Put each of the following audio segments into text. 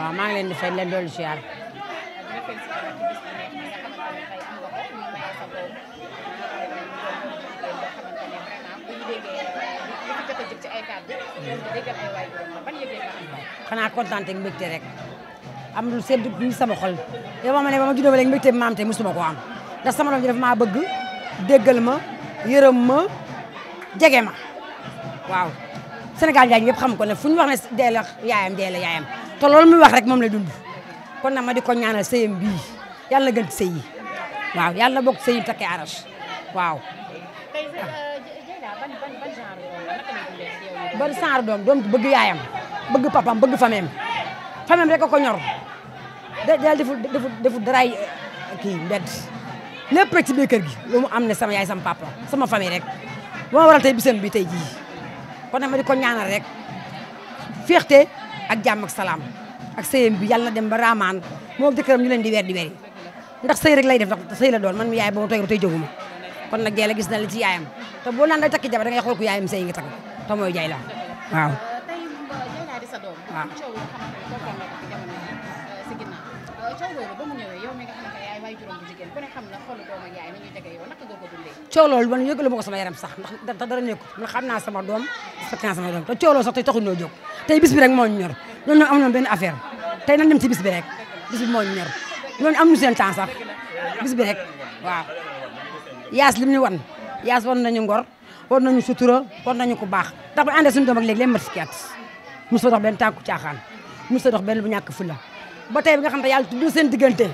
waaw maa ngi leen di fay doolu si yàlla xanaa kontaan ak mbégte rek am lu sedd ñu sama xol yow ma ne ba ma juddoo ba léegi mbégte bi ma am ko am ndax sama doom ji dafa maa bëgg déggal ma yërëm ma jege ma waaw Sénégal jaay ñëpp xam ko ne fu ñu wax ne dee yaayam dee yaayam te loolu muy wax rek moom la dund kon na ma di ko ñaanal sëyam bii yàlla na gën sëy waaw yàlla na bokk sëy yi takkee aras waaw. Euh, ban genre doom doom bëgg yaayam bëgg papam bëgg fameem fameem rek ko ñor da daal defu defu daraay euh, kii mbedd lépp rek ci biir kër gi lu am ne sama yaay sama papa sama famille rek ba waral tey bisam bi tey jii kon nag ma di ko ñaanal rek féexte ak jàmm ak salaam ak sëyam bi yàlla na dem ba raamaan moom jëkkëram ñu leen di weer di weri ndax sëy rek lay def ndax sëy la doon man mi yaay boo ma toy ba tey jóguma kon nag geela gis na la ci yaayam te boo naan day takki jabar da ngay xool ku yaayam sëy nga takk te mooy jaay la waaw waaw coow yoo xamante ne toogoon na ko ci jamono mu ne yaay waay juróom bu jigéen ne xam na xoolu doom ak yaay sama yaram sax ndax tax dara nekku xam naa sama doom respecté naa sama doom coow loolu sax tey taxuñ noo jóg tey bis bi rek moo ñu ñor ñoom ñoom amuñu benn affaire tey nañ dem ci bis bi rek moo ñu ñor ñooñu seen temps sax bis bi rek waaw yaas lim ñu wan yaas wan nañu ngor wan nañu sutura wan nañu ku baax ndax ba àndee suñu doom ak léegi mat fukki mu a dox benn tànku caaxaan mos a dox benn bu ñàkk fulla ba tey bi nga xam ne yàlla tudd seen diggante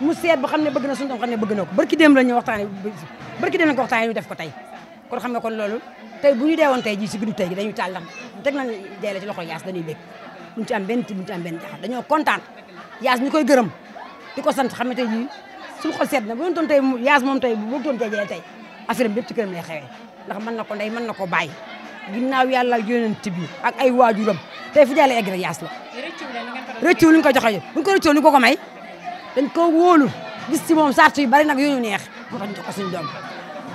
mu seet ba xam ne bëgg na suñu doom xam ne bëgg na ko barki démb la ñu waxtaan barki démb la ñu ko tey kon xam nga kon loolu tey bu ñu deewoon tey ji si guddi dañuy tàll ndax teg nañ deele ci loxo yaas dañuy bég am benn ti duñ dañoo kontaan yaas ñu koy gërëm di ko sant xam ne tey ji suñu xol seet na bu doon doon tey yaas moom tey bu doon tey jee tey affaire bi yëpp ci këram lay ndax mën na ko ndey mën na ko bàyyi ginnaaw yàlla ak yonent bi ak ay waajuram tey fu jàllee egg rek yaas la rëccu li ñu ko joxe bu ñu ko rëccoo ni ko ko may dañ ko wóolu gis ci moom sart yu bari nag yu ñu neex moo tax ñu jox ko suñu doom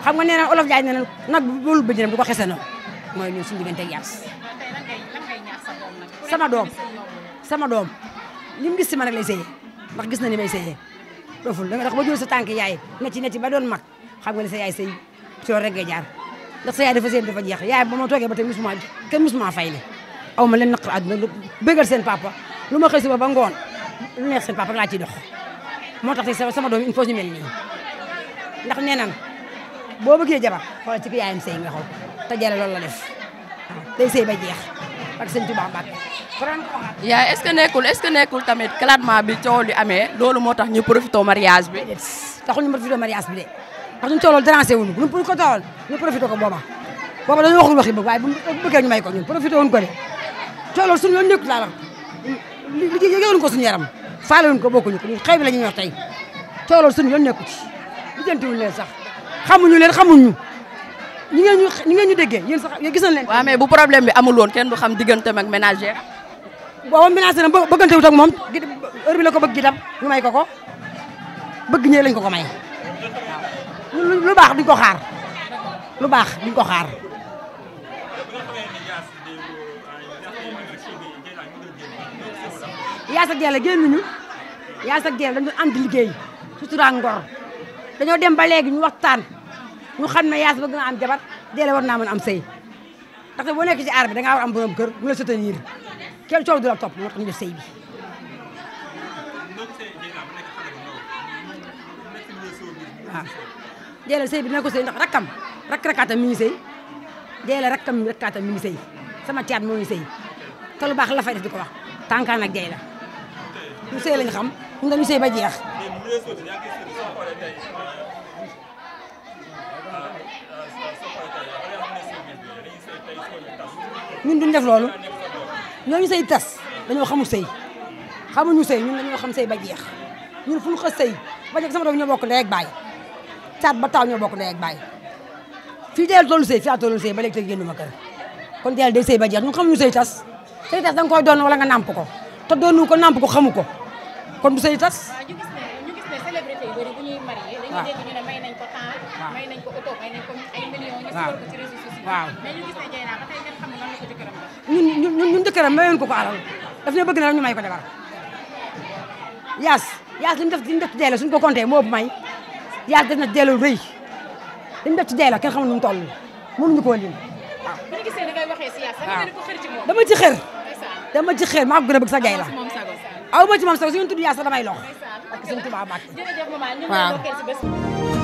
xam nga nee na olof jaay nee na nag boolu bëjëram du ko xese noonu mooy ñun suñu diggante ak yaas sama doom sama doom li mu gis ci man rek lay sëyee ndax gis na ni may sëyee doful da nga dox ba jël sa tànk yaay ne ci ne ci ba doon mag xam nga ne sa yaay sëy soo rek nga jaar ndax sa yaay dafa seen dafa jeex yaay ba ma toogee ba tey musuma kenn musuma fay le aw ma leen naqar àdduna lu bëggal seen papa lu ma xëy suba ba ngoon lu neex seen papa laa ciy dox moo tax tey sama doom il faut ñu ndax nee nan boo bëggee jabar ci ko yaayam sëy nga xool te jële loolu la def waaw ba jeex ak sëñ Tuubaa Mbàkke yaay est-ce que nekkul ce que nekkul tamit clatement bi coow li amee loolu moo tax ñu profité mariage bi taxul ñu profité bi de parce que ñu toolool dérangé wuñu ñun buñ ko toolool ñu profité ko booba booba dañu waxul waxi boobu waaye bu bëggee ñu may ko ñun profité wuñ ko de toolool suñu yoon nekk laa la yëgewuñ ko suñu yaram faalewuñ ko bokkuñu ko ñun xëy bi la ñuy ñor tey toolool suñu yoon nekku ci lijjantiwuñ leen sax xamuñu leen xamuñu ñi ngeen ñu ñi ngeen ñu déggee yéen sax gis nañ leen waaw mais bu problème bi amul woon kenn du xam digganteem ak ménagère booba ménagère bëggante wut ak moom heure bi la ko bëgg gi dab ñu may ko ko bëgg ñee lañ ko ko may lu baax duñ ko xaar lu baax duñ ko xaar. yaas ak yàlla génnuñu yaas ak yàlla dañu ànd liggéey sutura ngor dañoo dem ba léegi ñu waxtaan ñu xam ne yaas bëgg na am jabar deele war naa mën am sëy ndaxte boo nekk ci aar bi da ngaa war am borom kër bu la soutenir kenn coow du la topp moo tax ñu def bi. Dieyla sey bi dina ko sëy ndax rakkam rakk rakkaatam mi ngi sëy Dieyla rakkam rakkaatam mi ngi sëy sama caat moo ngi sëy lu baax la fay def ko wax tànkaan ak Dieyla ñu sëy lañ xam ñu dañu sëy ba jeex ñun duñ def loolu ñooñu sey tas dañoo xamul sëy xamuñu sëy ñun dañoo xam sey ba jeex ñun fu ñu xës sëy ba jeex sama doom ñoo bokk ndey ak baay caat ba taw ñoo bokk ndey ak fii deel toolu sëy fii a toolu sëy ba léegi te génn ma kër kon deel day sëy ba jeex ñun xamuñu sëy tas sëy tas da nga koy doon wala nga nàmp ko te ko nàmp ko xamu ko kon du sëy tas ñun ñun ñun jëkkëram ko ko alal ne bëgg na rek ñu may ko jabar yaas yaas li mu def li mu ko compté moo ëpp yàlla def na deelu rëy dañu def ci dee la kenn xamul nu mu toll mënuñu koo lim waaw. Ah. bi ñu da ngay waxee siyaas nga ne ko xër ci moom. dama ci xër dama ci xër maa ko gën a bëgg sa gay la aw ma ci moom sax suñu tudd yaa sax damay lox parce que suñu tubaab bàkk waaw